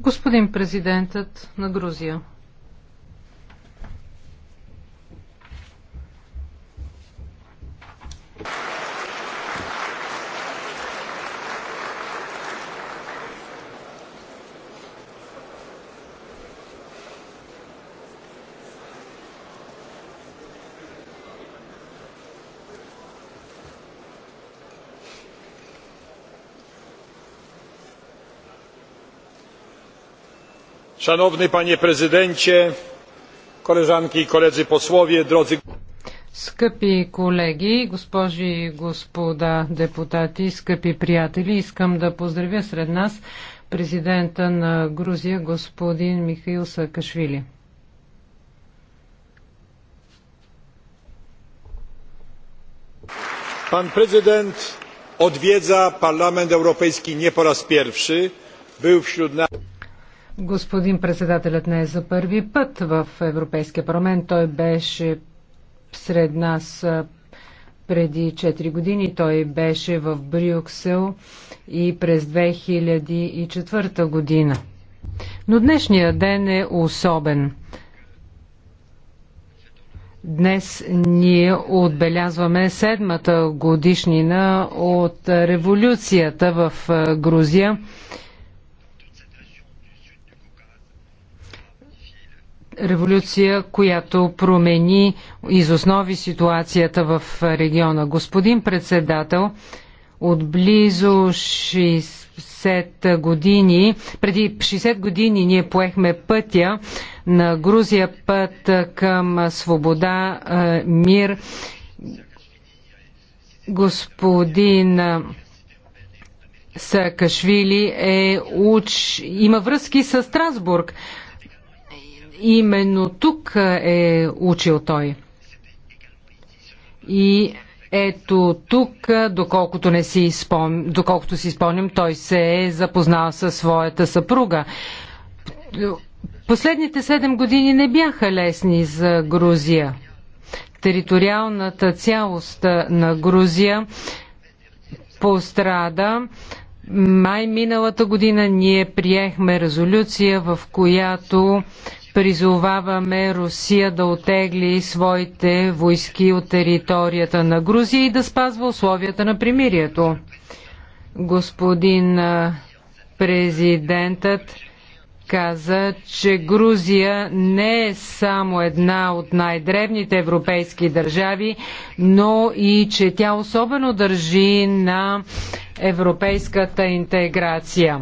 Господин президентът на Грузия. Szanowny panie prezydencie, koleżanki i koledzy posłowie, drodzy Скъпи колеги, госпожи и господа депутати, скъпи приятели, искам да поздравя сред нас президента на Грузия, господин Михаил Саакашвили. Pan prezydent odwiedza Parlament Europejski nie po raz pierwszy. Był wśród nas. Господин председателят не е за първи път в Европейския парламент. Той беше сред нас преди 4 години. Той беше в Брюксел и през 2004 година. Но днешния ден е особен. Днес ние отбелязваме седмата годишнина от революцията в Грузия революция, която промени из основи ситуацията в региона. Господин председател, от близо 60 години, преди 60 години ние поехме пътя на Грузия път към свобода, е, мир. Господин е, Саакашвили е уч... има връзки с Страсбург. Именно тук е, е учил той. И ето тук, доколкото, не си спом... доколкото си спомням, той се е запознал със своята съпруга. Последните седем години не бяха лесни за Грузия. Териториалната цялост на Грузия пострада. Май миналата година ние приехме резолюция, в която Призоваваме Русия да отегли своите войски от територията на Грузия и да спазва условията на примирието. Господин президентът каза, че Грузия не е само една от най-древните европейски държави, но и че тя особено държи на европейската интеграция.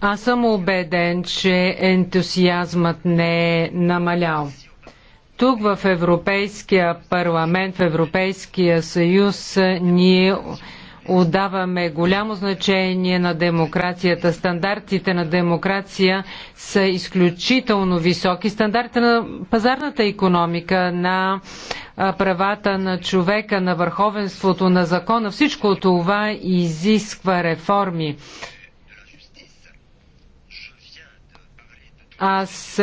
Аз съм убеден, че ентусиазмът не е намалял. Тук в Европейския парламент, в Европейския съюз, ние отдаваме голямо значение на демокрацията. Стандартите на демокрация са изключително високи. Стандартите на пазарната економика, на правата на човека, на върховенството на закона, всичко това изисква реформи. Аз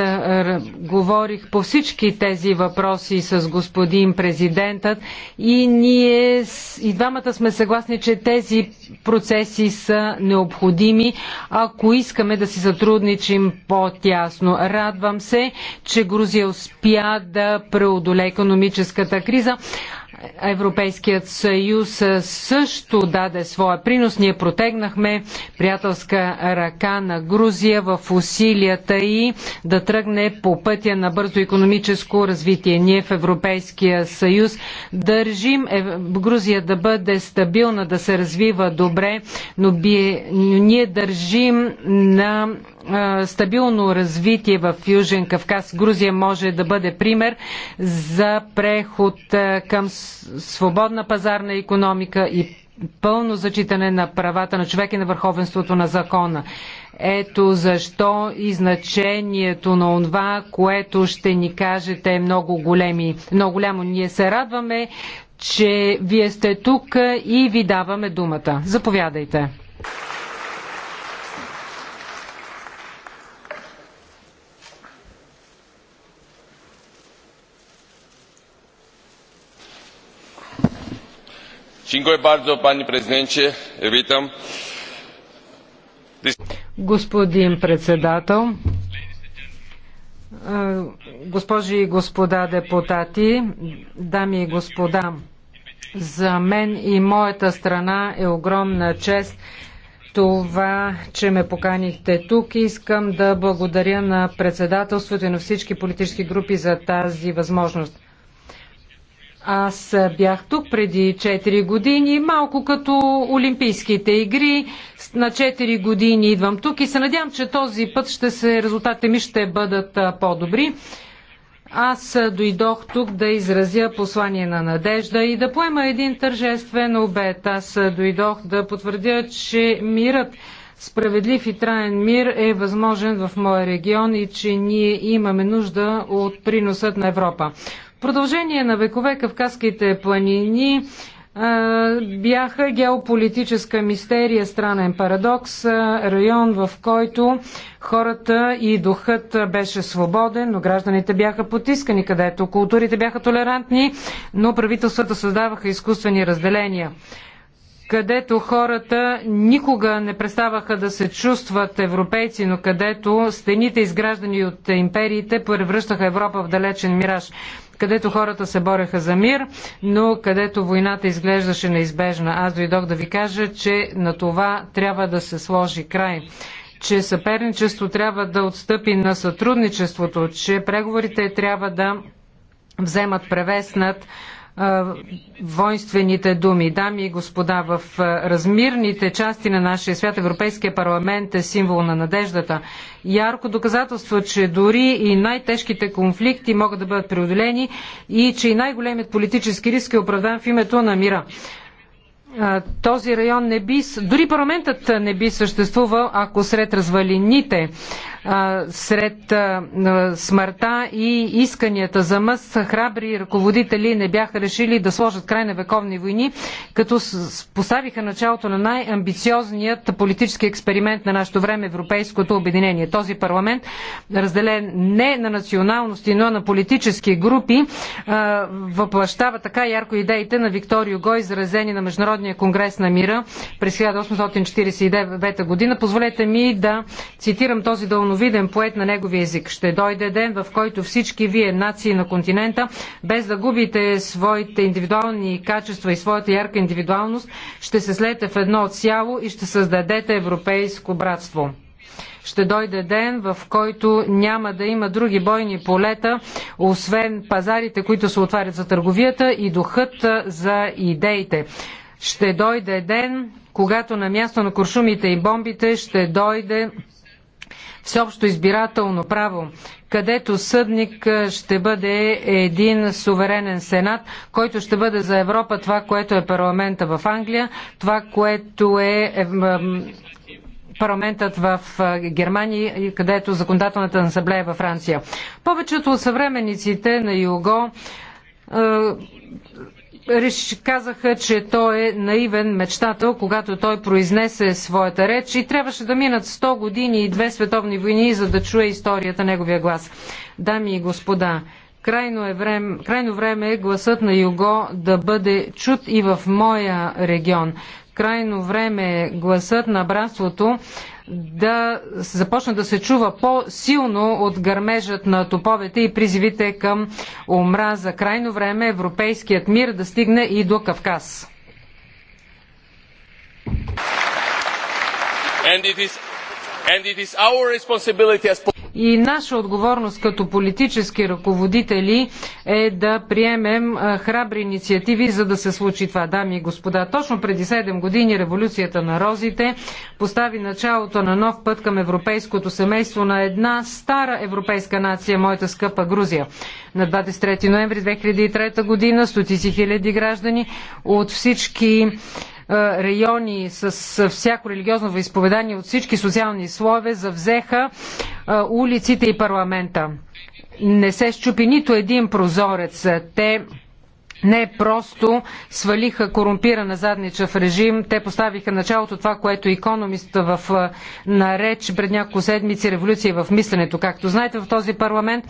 говорих по всички тези въпроси с господин президентът и ние и двамата сме съгласни, че тези процеси са необходими, ако искаме да си сътрудничим по-тясно. Радвам се, че Грузия успя да преодолее економическата криза. Европейският съюз също даде своя принос. Ние протегнахме приятелска ръка на Грузия в усилията и да тръгне по пътя на бързо економическо развитие. Ние в Европейския съюз държим Грузия да бъде стабилна, да се развива добре, но ние държим на стабилно развитие в Южен Кавказ. Грузия може да бъде пример за преход към свободна пазарна економика и пълно зачитане на правата на човека и на върховенството на закона. Ето защо и значението на това, което ще ни кажете е много, големи, много голямо. Ние се радваме, че вие сте тук и ви даваме думата. Заповядайте. Dziękuję bardzo, prezydencie. Witam. Господин председател, госпожи и господа депутати, дами и господа, за мен и моята страна е огромна чест това, че ме поканихте тук. Искам да благодаря на председателството и на всички политически групи за тази възможност. Аз бях тук преди 4 години, малко като Олимпийските игри. На 4 години идвам тук и се надявам, че този път ще се, резултатите ми ще бъдат по-добри. Аз дойдох тук да изразя послание на надежда и да поема един тържествен обед. Аз дойдох да потвърдя, че мирът, справедлив и траен мир е възможен в моя регион и че ние имаме нужда от приносът на Европа продължение на векове Кавказските планини бяха геополитическа мистерия, странен парадокс, район в който хората и духът беше свободен, но гражданите бяха потискани, където културите бяха толерантни, но правителствата създаваха изкуствени разделения където хората никога не преставаха да се чувстват европейци, но където стените, изграждани от империите, превръщаха Европа в далечен мираж където хората се бореха за мир, но където войната изглеждаше неизбежна. Аз дойдох да ви кажа, че на това трябва да се сложи край че съперничество трябва да отстъпи на сътрудничеството, че преговорите трябва да вземат превес над воинствените думи. Дами и господа, в размирните части на нашия свят Европейския парламент е символ на надеждата. Ярко доказателство, че дори и най-тежките конфликти могат да бъдат преодолени и че и най-големият политически риск е оправдан в името на мира. Този район не би, дори парламентът не би съществувал, ако сред развалините сред смъртта и исканията за мъст, храбри ръководители не бяха решили да сложат край на вековни войни, като поставиха началото на най-амбициозният политически експеримент на нашето време Европейското обединение. Този парламент, разделен не на националности, но на политически групи, въплащава така ярко идеите на Виктор Юго, изразени на Международния конгрес на мира през 1849 година. Позволете ми да цитирам този дълно дълновиден поет на неговия език. Ще дойде ден, в който всички вие, нации на континента, без да губите своите индивидуални качества и своята ярка индивидуалност, ще се слете в едно цяло и ще създадете европейско братство. Ще дойде ден, в който няма да има други бойни полета, освен пазарите, които се отварят за търговията и духът за идеите. Ще дойде ден, когато на място на куршумите и бомбите ще дойде всеобщо избирателно право, където съдник ще бъде един суверенен сенат, който ще бъде за Европа това, което е парламента в Англия, това, което е, е парламентът в Германия, където законодателната асамблея е във Франция. Повечето от съвременниците на Юго казаха, че той е наивен мечтател, когато той произнесе своята реч и трябваше да минат 100 години и две световни войни, за да чуе историята неговия глас. Дами и господа, крайно, е време, крайно време е гласът на Юго да бъде чут и в моя регион крайно време е гласът на братството да започне да се чува по-силно от гърмежът на топовете и призивите към омраза. Крайно време е европейският мир да стигне и до Кавказ. And it is, and it is our responsibility as и наша отговорност като политически ръководители е да приемем храбри инициативи, за да се случи това. Дами и господа, точно преди 7 години революцията на розите постави началото на нов път към европейското семейство на една стара европейска нация, моята скъпа Грузия. На 23 ноември 2003 година стотици хиляди граждани от всички райони с всяко религиозно възповедание от всички социални слове завзеха улиците и парламента. Не се щупи нито един прозорец. Те не просто свалиха корумпирана задничав режим, те поставиха началото това, което економист в нареч пред няколко седмици революция в мисленето. Както знаете, в този парламент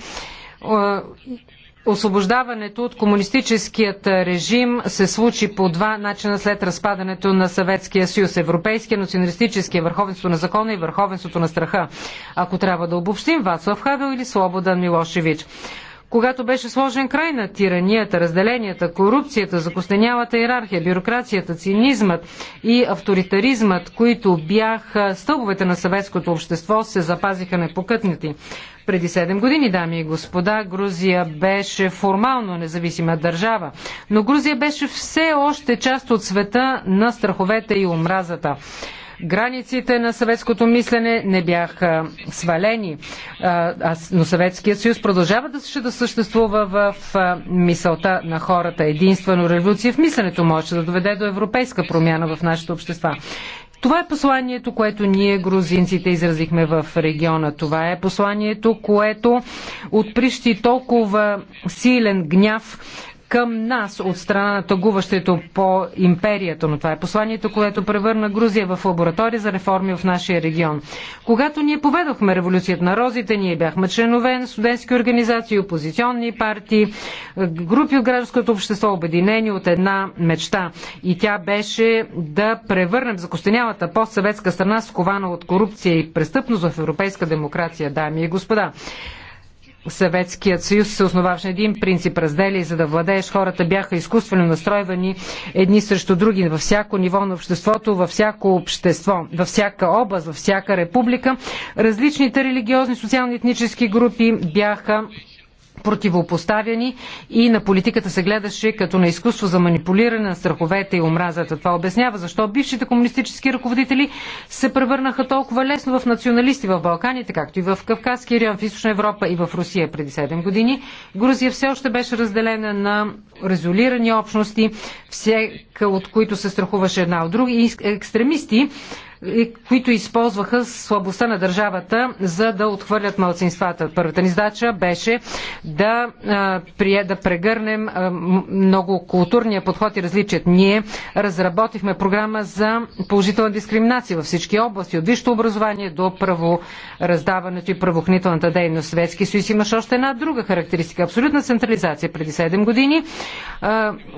Освобождаването от комунистическият режим се случи по два начина след разпадането на Съветския съюз. Европейския, националистическия, върховенството на закона и върховенството на страха. Ако трябва да обобщим, Вацлав Хавел или Слободан Милошевич когато беше сложен край на тиранията, разделенията, корупцията, закостенялата иерархия, бюрокрацията, цинизмът и авторитаризмът, които бяха стълбовете на съветското общество, се запазиха непокътнати. Преди 7 години, дами и господа, Грузия беше формално независима държава, но Грузия беше все още част от света на страховете и омразата. Границите на съветското мислене не бяха свалени, но Съветския съюз продължава да, да съществува в мисълта на хората. Единствено революция в мисленето може да доведе до европейска промяна в нашите общества. Това е посланието, което ние, грузинците, изразихме в региона. Това е посланието, което отприщи толкова силен гняв към нас от страна на тъгуващето по империята, но това е посланието, което превърна Грузия в лаборатория за реформи в нашия регион. Когато ние поведохме революцията на розите, ние бяхме членове на студентски организации, опозиционни партии, групи от гражданското общество, обединени от една мечта. И тя беше да превърнем закостенялата постсъветска страна, скована от корупция и престъпност в европейска демокрация, дами и господа. Съветският съюз се основаваше един принцип раздели, за да владееш. Хората бяха изкуствено настройвани едни срещу други във всяко ниво на обществото, във всяко общество, във всяка област, във всяка република. Различните религиозни, социални, етнически групи бяха противопоставяни и на политиката се гледаше като на изкуство за манипулиране на страховете и омразата. Това обяснява защо бившите комунистически ръководители се превърнаха толкова лесно в националисти в Балканите, както и в Кавказския район, в Източна Европа и в Русия преди 7 години. Грузия все още беше разделена на резолирани общности, всяка от които се страхуваше една от други и екстремисти които използваха слабостта на държавата, за да отхвърлят малцинствата. Първата ни задача беше да, прие, да прегърнем много културния подход и различият. Ние разработихме програма за положителна дискриминация във всички области, от висшето образование до правораздаването и правоохранителната дейност. Светски съюз имаше още една друга характеристика. Абсолютна централизация преди 7 години.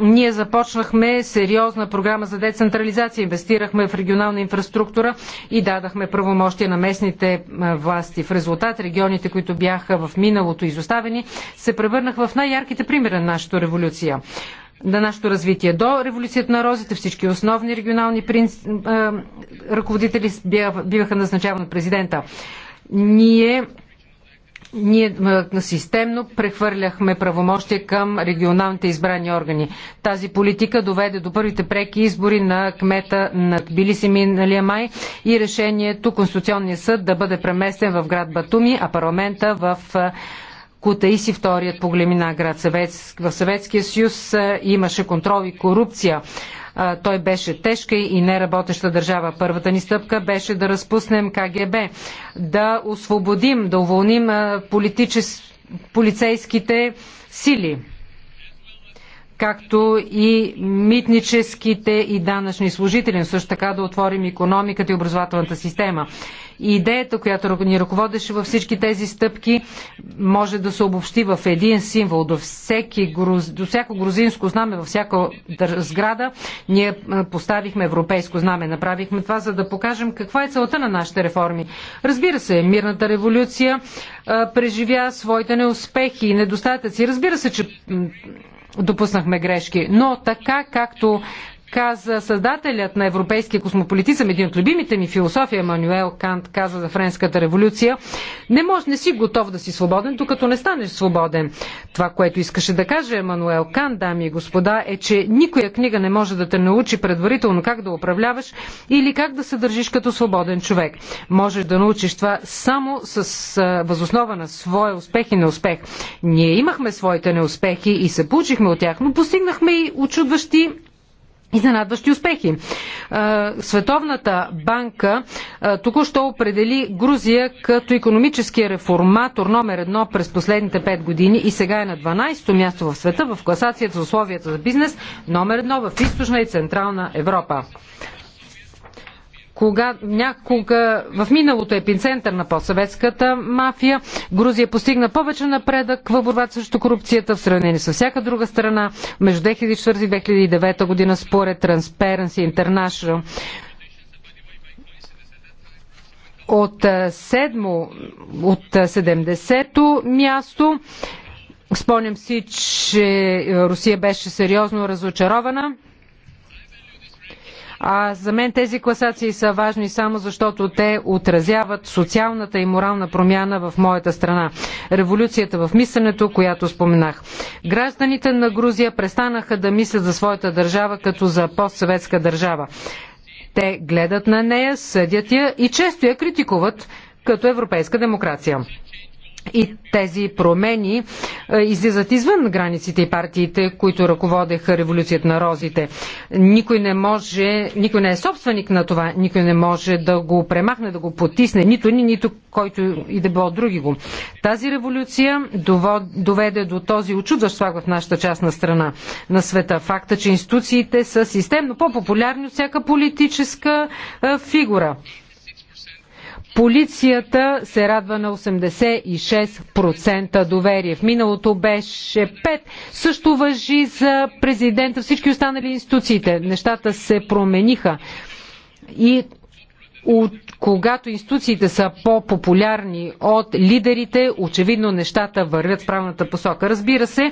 ние започнахме сериозна програма за децентрализация. Инвестирахме в регионална инфраструктура инфраструктура и дадахме правомощия на местните власти. В резултат регионите, които бяха в миналото изоставени, се превърнаха в най-ярките примери на нашата революция на нашето развитие. До революцията на розите всички основни регионални принц... ръководители биваха назначавани от президента. Ние ние системно прехвърляхме правомощия към регионалните избрани органи. Тази политика доведе до първите преки избори на кмета на Тбилиси миналия май и решението Конституционния съд да бъде преместен в град Батуми, а парламента в Кутаиси, вторият по големина град в Съветския съюз, имаше контрол и корупция. Той беше тежка и неработеща държава. Първата ни стъпка беше да разпуснем КГБ, да освободим, да уволним политичес... полицейските сили както и митническите и данъчни служители, но също така да отворим економиката и образователната система. И идеята, която ни ръководеше във всички тези стъпки, може да се обобщи в един символ. До, всеки, до всяко грузинско знаме, във всяка сграда, ние поставихме европейско знаме. Направихме това, за да покажем каква е целта на нашите реформи. Разбира се, мирната революция преживя своите неуспехи и недостатъци. Разбира се, че допуснахме грешки. Но така както каза създателят на европейския космополитизъм, един от любимите ми философия, Емануел Кант, каза за Френската революция, не можеш, не си готов да си свободен, докато не станеш свободен. Това, което искаше да каже Емануел Кант, дами и господа, е, че никоя книга не може да те научи предварително как да управляваш или как да се държиш като свободен човек. Можеш да научиш това само с възоснова на своя успех и неуспех. Ние имахме своите неуспехи и се получихме от тях, но постигнахме и очудващи изненадващи успехи. Световната банка току-що определи Грузия като економическия реформатор номер едно през последните 5 години и сега е на 12-то място в света в класацията за условията за бизнес номер едно в източна и централна Европа кога някога в миналото епицентър на постсъветската мафия, Грузия постигна повече напредък в борбата срещу корупцията в сравнение с всяка друга страна между 2004 и 2009 година според Transparency International. От, седмо, от 70-то място Спомням си, че Русия беше сериозно разочарована а за мен тези класации са важни само защото те отразяват социалната и морална промяна в моята страна. Революцията в мисленето, която споменах. Гражданите на Грузия престанаха да мислят за своята държава като за постсъветска държава. Те гледат на нея, съдят я и често я критикуват като европейска демокрация и тези промени е, излизат извън границите и партиите, които ръководеха революцията на розите. Никой не може, никой не е собственик на това, никой не може да го премахне, да го потисне, нито ни, нито който и да било други го. Тази революция доведе до този очудващ слаг в нашата част на страна на света. Факта, че институциите са системно по-популярни от всяка политическа е, фигура. Полицията се радва на 86% доверие. В миналото беше 5. Също въжи за президента, всички останали институциите. Нещата се промениха. И от, когато институциите са по-популярни от лидерите, очевидно нещата вървят в правилната посока. Разбира се,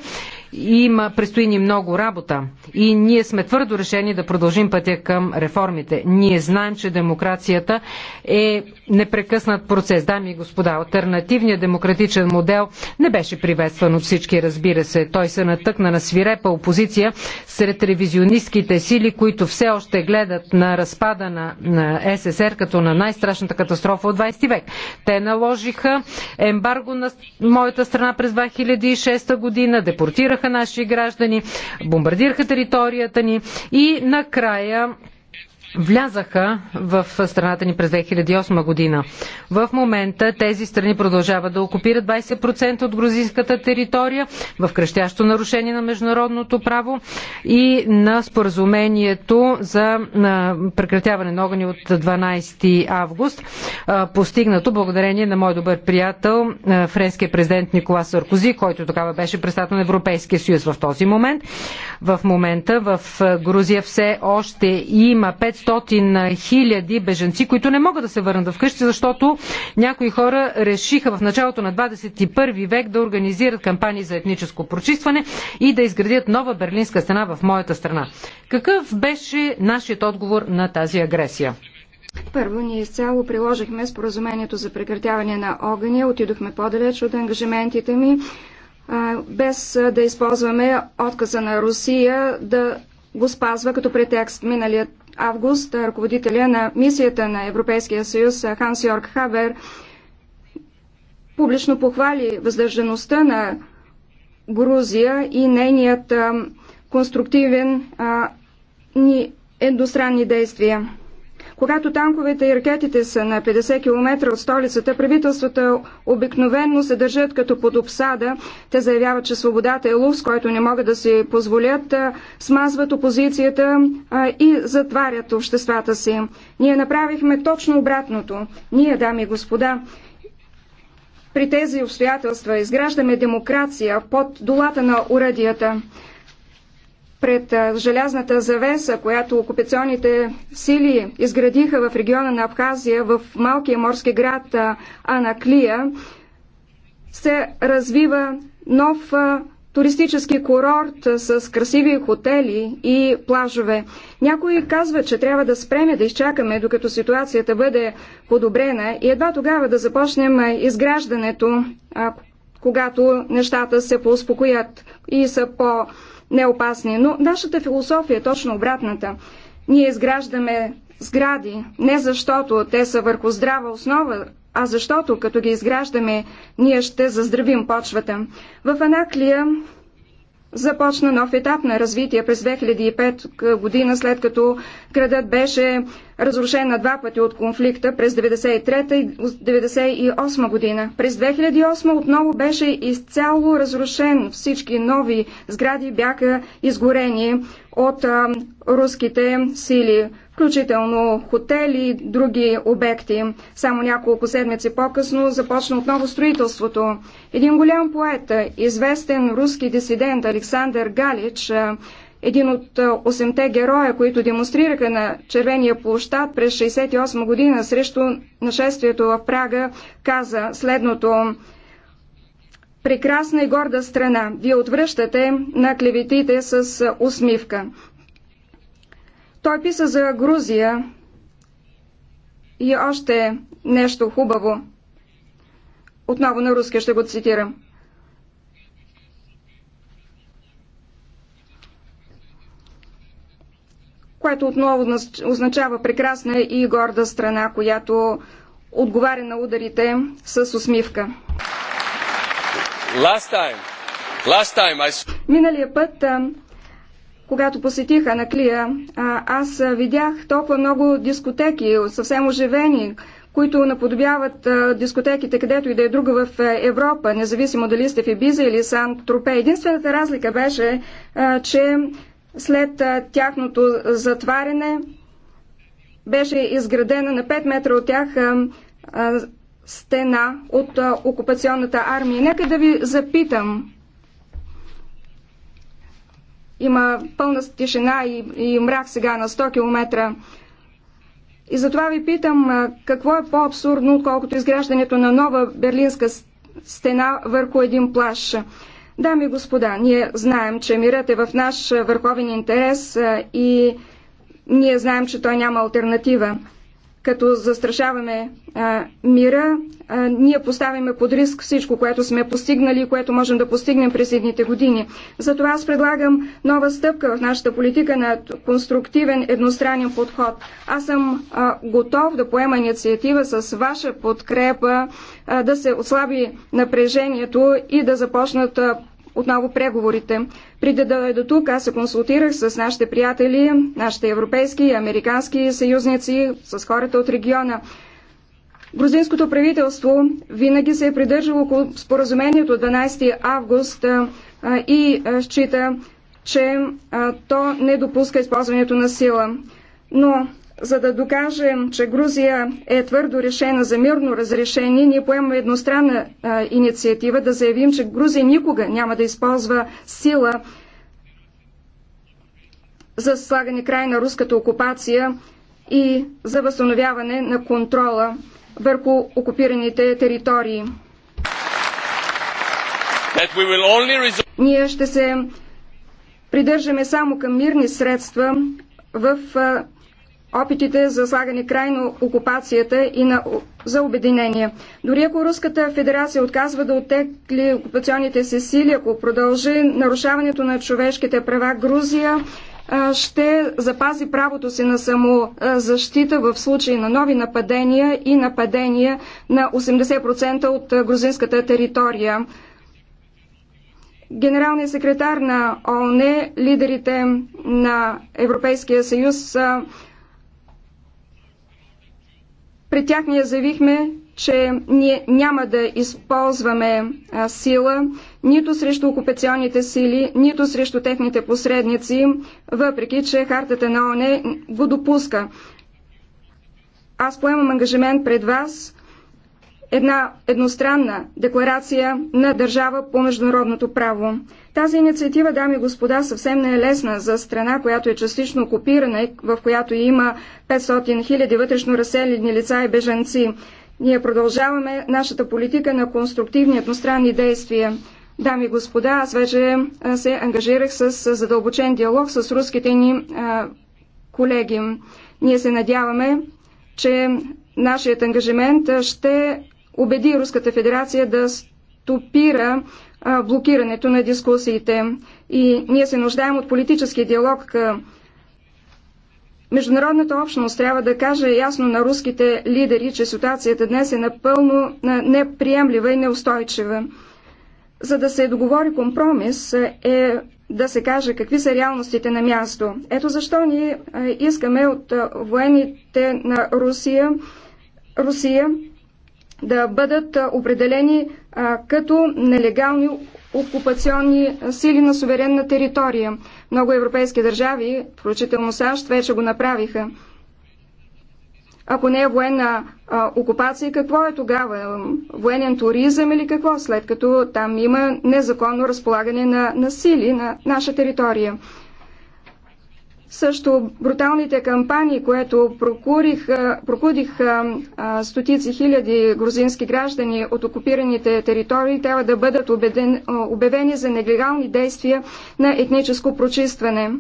има, предстои ни много работа и ние сме твърдо решени да продължим пътя към реформите. Ние знаем, че демокрацията е непрекъснат процес. Дами и господа, альтернативният демократичен модел не беше приветстван от всички, разбира се. Той се натъкна на свирепа опозиция сред ревизионистските сили, които все още гледат на разпада на, на СССР като на най-страшната катастрофа от 20 век. Те наложиха ембарго на моята страна през 2006 година, депортираха убиваха наши граждани, бомбардираха територията ни и накрая влязаха в страната ни през 2008 година. В момента тези страни продължават да окупират 20% от грузинската територия в крещящо нарушение на международното право и на споразумението за прекратяване на огъни от 12 август, постигнато благодарение на мой добър приятел, френския президент Никола Саркози, който тогава беше председател на Европейския съюз в този момент. В момента в Грузия все още има 500 500 хиляди беженци, които не могат да се върнат вкъщи, защото някои хора решиха в началото на 21 век да организират кампании за етническо прочистване и да изградят нова берлинска стена в моята страна. Какъв беше нашият отговор на тази агресия? Първо, ние изцяло приложихме споразумението за прекратяване на огъня, отидохме по-далеч от ангажиментите ми, без да използваме отказа на Русия да го спазва като претекст. Миналият август ръководителя на мисията на Европейския съюз Ханс Йорг Хабер публично похвали въздържаността на Грузия и нейният конструктивен ни едностранни действия. Когато танковете и ракетите са на 50 км от столицата, правителствата обикновенно се държат като под обсада. Те заявяват, че свободата е лув, с който не могат да си позволят, смазват опозицията и затварят обществата си. Ние направихме точно обратното. Ние, дами и господа, при тези обстоятелства изграждаме демокрация под долата на урадията пред желязната завеса, която окупационните сили изградиха в региона на Абхазия, в малкия морски град Анаклия, се развива нов туристически курорт с красиви хотели и плажове. Някои казват, че трябва да спреме да изчакаме, докато ситуацията бъде подобрена и едва тогава да започнем изграждането когато нещата се поуспокоят и са по-неопасни. Но нашата философия е точно обратната. Ние изграждаме сгради не защото те са върху здрава основа, а защото като ги изграждаме, ние ще заздравим почвата. В Анаклия започна нов етап на развитие през 2005 година, след като градът беше разрушена два пъти от конфликта през 1993 и 1998 година. През 2008 отново беше изцяло разрушен. Всички нови сгради бяха изгорени от а, руските сили, включително хотели и други обекти. Само няколко седмици по-късно започна отново строителството. Един голям поет, известен руски дисидент Александър Галич, един от осемте героя, които демонстрираха на червения площад през 68 година срещу нашествието в Прага, каза следното Прекрасна и горда страна, вие отвръщате на клеветите с усмивка. Той писа за Грузия и още нещо хубаво. Отново на руски ще го цитирам. което отново означава прекрасна и горда страна, която отговаря на ударите с усмивка. Last time. Last time I... Миналия път, когато посетих Анаклия, аз видях толкова много дискотеки, съвсем оживени, които наподобяват дискотеките, където и да е друга в Европа, независимо дали сте в Ибиза или Сан-Тропе. Единствената разлика беше, че след тяхното затваряне беше изградена на 5 метра от тях стена от окупационната армия. Нека да ви запитам. Има пълна тишина и, и мрак сега на 100 км. И затова ви питам, какво е по-абсурдно, отколкото изграждането на нова берлинска стена върху един плаш. Дами и господа, ние знаем, че мирът е в наш върховен интерес и ние знаем, че той няма альтернатива като застрашаваме а, мира, а, ние поставяме под риск всичко, което сме постигнали и което можем да постигнем през едните години. Затова аз предлагам нова стъпка в нашата политика на конструктивен едностранен подход. Аз съм а, готов да поема инициатива с ваша подкрепа а, да се отслаби напрежението и да започнат а, отново преговорите. Преди да дойда тук, аз се консултирах с нашите приятели, нашите европейски и американски съюзници, с хората от региона. Грузинското правителство винаги се е придържало около споразумението 12 август и счита, че то не допуска използването на сила. Но за да докажем, че Грузия е твърдо решена за мирно разрешение, ние поемаме едностранна а, инициатива да заявим, че Грузия никога няма да използва сила за слагане край на руската окупация и за възстановяване на контрола върху окупираните територии. Ние ще се придържаме само към мирни средства в а, опитите за слагане край на окупацията и на, за обединение. Дори ако Руската федерация отказва да оттекли окупационните си сили, ако продължи нарушаването на човешките права, Грузия ще запази правото си на самозащита в случай на нови нападения и нападения на 80% от грузинската територия. Генералният секретар на ООН, лидерите на Европейския съюз са при тях ние заявихме, че ние няма да използваме а, сила нито срещу окупационните сили, нито срещу техните посредници, въпреки че хартата на ОНЕ го допуска. Аз поемам ангажимент пред вас една едностранна декларация на държава по международното право. Тази инициатива, дами и господа, съвсем не е лесна за страна, която е частично окупирана и в която има 500 000 вътрешно разселени лица и беженци. Ние продължаваме нашата политика на конструктивни едностранни действия. Дами и господа, аз вече се ангажирах с задълбочен диалог с руските ни колеги. Ние се надяваме, че нашият ангажимент ще убеди Руската федерация да стопира блокирането на дискусиите. И ние се нуждаем от политически диалог. Международната общност трябва да каже ясно на руските лидери, че ситуацията днес е напълно неприемлива и неустойчива. За да се договори компромис е да се каже какви са реалностите на място. Ето защо ние искаме от военните на Русия, Русия да бъдат определени като нелегални окупационни сили на суверенна територия. Много европейски държави, включително САЩ, вече го направиха. Ако не е военна а, окупация, какво е тогава? Военен туризъм или какво? След като там има незаконно разполагане на, на сили на наша територия. Също бруталните кампании, което прокудих прокудиха стотици хиляди грузински граждани от окупираните територии, трябва да бъдат обеден, обявени за нелегални действия на етническо прочистване.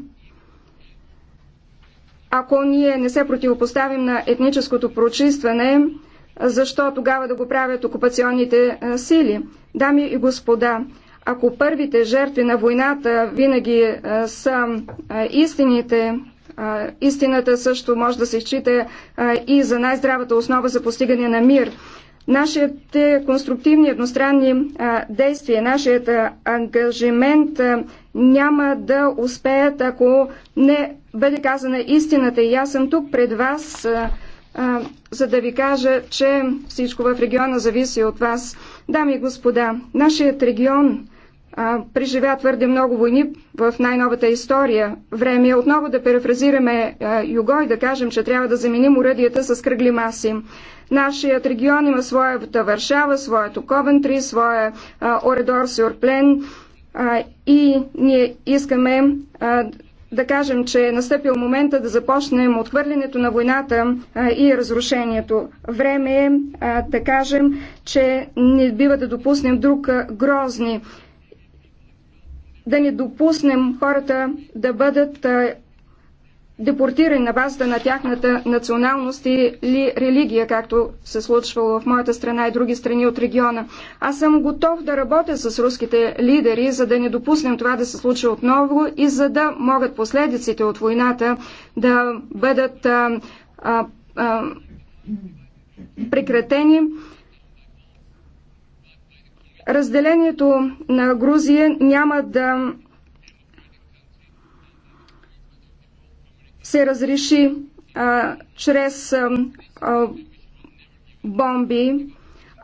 Ако ние не се противопоставим на етническото прочистване, защо тогава да го правят окупационните сили? Дами и господа, ако първите жертви на войната винаги е, са е, истините, е, истината също може да се счита и за най-здравата основа за постигане на мир. Нашите конструктивни едностранни действия, нашият ангажимент няма да успеят, ако не бъде казана истината. И аз съм тук пред вас, за да ви кажа, че всичко в региона зависи от вас. Дами и господа, нашият регион а, преживя твърде много войни в най-новата история. Време е отново да перефразираме а, Юго и да кажем, че трябва да заменим уръдията с кръгли маси. Нашият регион има своята Варшава, своето Ковентри, своя Оредор Сюрплен и ние искаме да кажем, че е настъпил момента да започнем отхвърлянето на войната и разрушението. Време е да кажем, че не бива да допуснем друг грозни, да не допуснем хората да бъдат депортирани на базата на тяхната националност или религия, както се случвало в моята страна и други страни от региона. Аз съм готов да работя с руските лидери, за да не допуснем това да се случи отново и за да могат последиците от войната да бъдат а, а, а, прекратени. Разделението на Грузия няма да се разреши а, чрез а, а, бомби,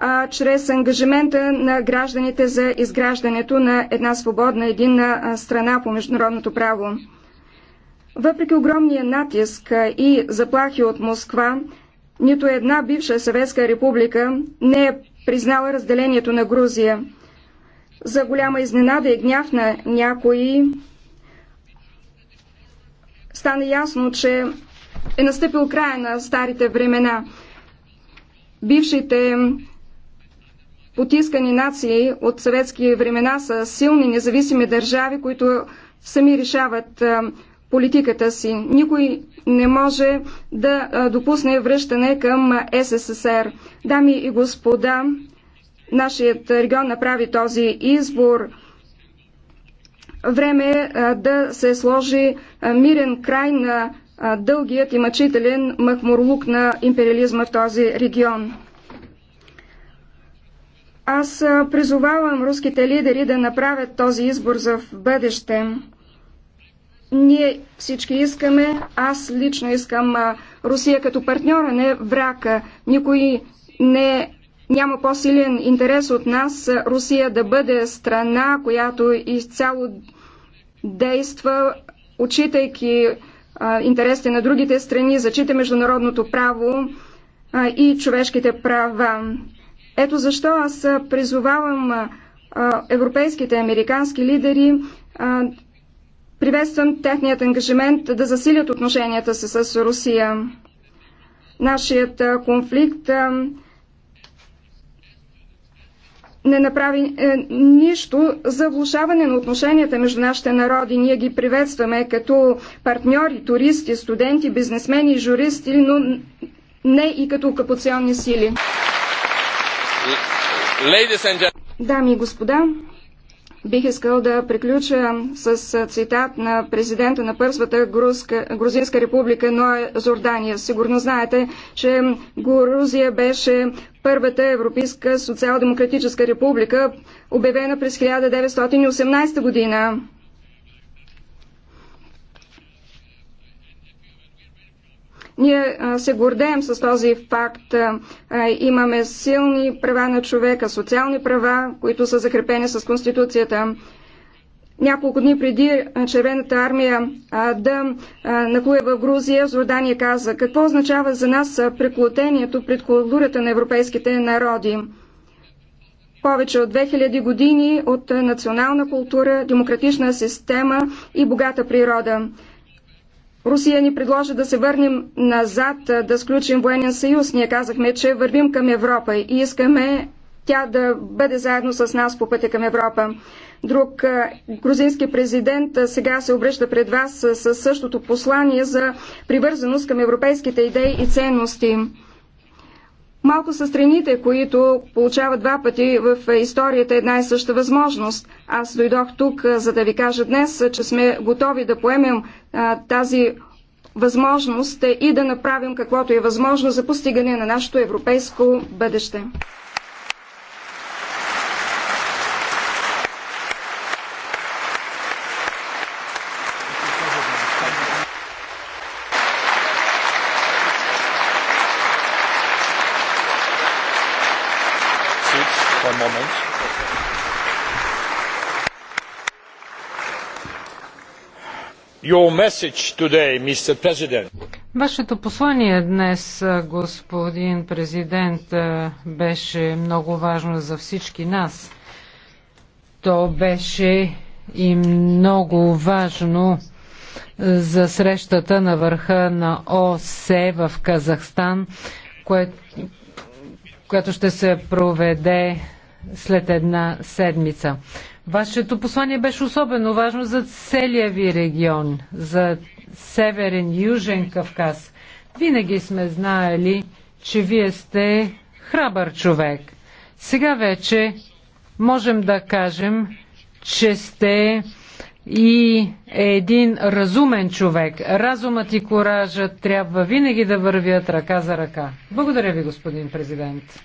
а чрез ангажимента на гражданите за изграждането на една свободна единна страна по международното право. Въпреки огромния натиск и заплахи от Москва, нито една бивша Съветска република не е признала разделението на Грузия. За голяма изненада и гняв на някои стана ясно, че е настъпил края на старите времена. Бившите потискани нации от съветски времена са силни, независими държави, които сами решават политиката си. Никой не може да допусне връщане към СССР. Дами и господа, нашият регион направи този избор – Време е да се сложи мирен край на дългият и мъчителен махмурлук на империализма в този регион. Аз призовавам руските лидери да направят този избор за бъдеще. Ние всички искаме, аз лично искам Русия като партньора, не врака. Никой не няма по-силен интерес от нас Русия да бъде страна, която изцяло действа, отчитайки интересите на другите страни, зачита международното право и човешките права. Ето защо аз призовавам европейските американски лидери Приветствам техният ангажимент да засилят отношенията си с Русия. Нашият конфликт не направи е, нищо за влушаване на отношенията между нашите народи. Ние ги приветстваме като партньори, туристи, студенти, бизнесмени, журисти, но не и като окупационни сили. Дами и господа, Бих искал да приключа с цитат на президента на първата грузинска република Ноя Зордания. Сигурно знаете, че Грузия беше първата европейска социал-демократическа република, обявена през 1918 година. Ние се гордеем с този факт. Имаме силни права на човека, социални права, които са закрепени с Конституцията. Няколко дни преди Червената армия да нахуя в Грузия, Зордания каза, какво означава за нас преклотението пред културата на европейските народи? повече от 2000 години от национална култура, демократична система и богата природа. Русия ни предложи да се върнем назад, да сключим военен съюз. Ние казахме, че вървим към Европа и искаме тя да бъде заедно с нас по пътя към Европа. Друг грузински президент сега се обръща пред вас със същото послание за привързаност към европейските идеи и ценности. Малко са страните, които получават два пъти в историята една и съща възможност. Аз дойдох тук, за да ви кажа днес, че сме готови да поемем а, тази възможност и да направим каквото е възможно за постигане на нашето европейско бъдеще. Вашето послание днес, господин президент, беше много важно за всички нас. То беше и много важно за срещата на върха на ОСЕ в Казахстан, кое... която ще се проведе след една седмица. Вашето послание беше особено важно за целия ви регион, за Северен и Южен Кавказ. Винаги сме знаели, че вие сте храбър човек. Сега вече можем да кажем, че сте и един разумен човек. Разумът и коражът трябва винаги да вървят ръка за ръка. Благодаря ви, господин президент.